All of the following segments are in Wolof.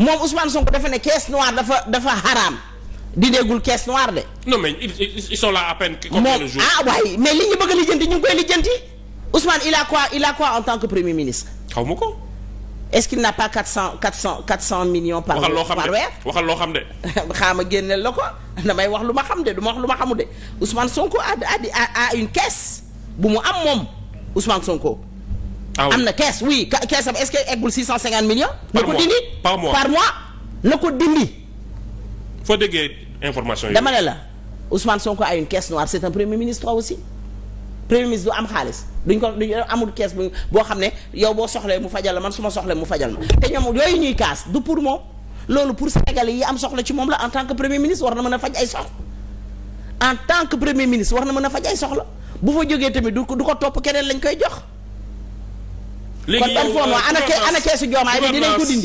moom Ousmane Sonko dafa ne caisse noire dafa dafa xaraam di déggul caisse noire de. non mais ils sont là à peine. le jour ah waaye mais li ñu bëgg a lijjanti ñu ngi koy lijjanti Ousmane il a quoi il a quoi en tant que premier ministre. xaw ma ko. est-ce n'a pas quatre cent quatre cent quatre cent millions. par weer waxal loo xam de waxal loo xam de. xaama génneel la ko damay wax lu ma xam de du ma wax lu ma xamu de Ousmane Sonko a a a une caisse bu mu am moom Ousmane Sonko. Ah am na kees oui kees am est-ce que eggul 650 millions. par mois na ko dindi par mois par mois na ko dindi. foo déggee information dama ne la Ousmane a une caisse noire c'est aussi premier ministre du am xaalis duñ ko duñ amul kees boo xam ne yow boo soxlee mu fajal la man su ma mu fajal ma te ñoom yooyu ñuy kaas du pour moom loolu pour Sénégalais yi am soxla ci moom la en tant que premier ministre war na mën a faj ay soxla en tant que premier ministre war na mën a faj ay soxla bu fa jógee tamit du ko du ko topp keneen lañ koy jox. léegi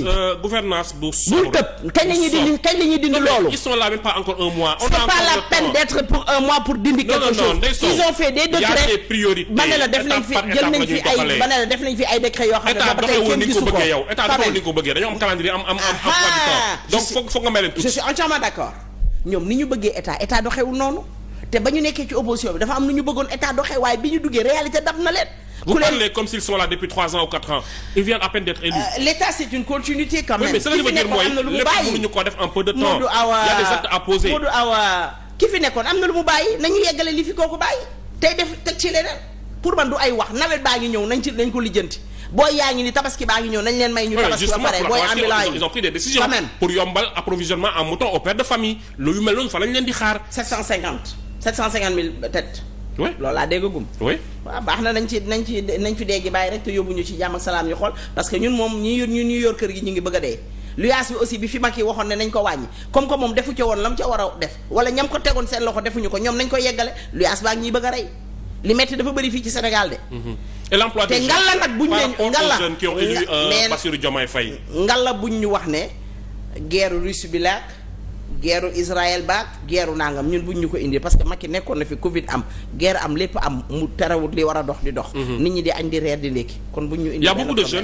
euh, gouvernance bu sobre. bul tëb kañ la ñuy dindi kañ la ñuy dindi loolu. ils sont là même pas encore un mois. on a encore le temps la peine d'être pour un mois pour dindi. quelque chose ils fait des décrets. ba def nañ fi ay ba def nañ fi ay décret yoo xam ne doxewul ni ko bëggee dañoo am calendrier am am am am. Ah. donc foog foog nga may leen tuuti. je d'accord ñoom ni ñu bëggee eta état doxewul noonu te ba ñu nekkee ci opposition bi dafa am nu ñu bëggoon état doxee waaye bi ñu duggee réalité dab na leen. vous parlez comme s'ils sont depuis trois ans ou quatre ans ils viennent à peine d'être élus. Euh, l'état c'est une continuité quand même. ki fi nekkoon am na lu mu bàyyi a des actes à na lu yeggale li fi kooku bàyyi. tey def teg ci leneen pour man du ay wax nawet baa ngi ñëw nañ ci nañ ko lijjanti. booy yaa ngi ni tabaski baa ngi ñëw nañ leen may ñu tabaski ba pare booy ambulant yi fa 750 000 têtes. oui loolu laa déggagum. oui waaw baax na nañ ci nañ ci nañ fi bàyyi rek te yóbbuñu ci jàmm salaam ñu xool parce ñun moom ñi ñu ñu yor kër gi ñu ngi bëgg a dee. luyaas bi aussi bi fi mag yi waxoon ne nañ ko wàññi comme que moom defu ca woon la mu ca war a def wala ñam ko tegoon seen loxo defuñu ko ñoom nañ ko yeggale luyaas baa ngi bëgg a rey li metti dafa bëri fii ci Sénégal de. Mhm. et l'emploi des jeunes te ngalla nag buñ ne ngalla euh, mais Bassirou Diomaye Faye ñu wax ne guerre guerru Israël baak guerru nangam ñun buñ ñu ko indi parce que Macky nekkoon na fi Covid am guerre am lépp am mu terewut li war a dox di dox mhm. nit ñi di añ di reer di ndékki kon buñ ñu indi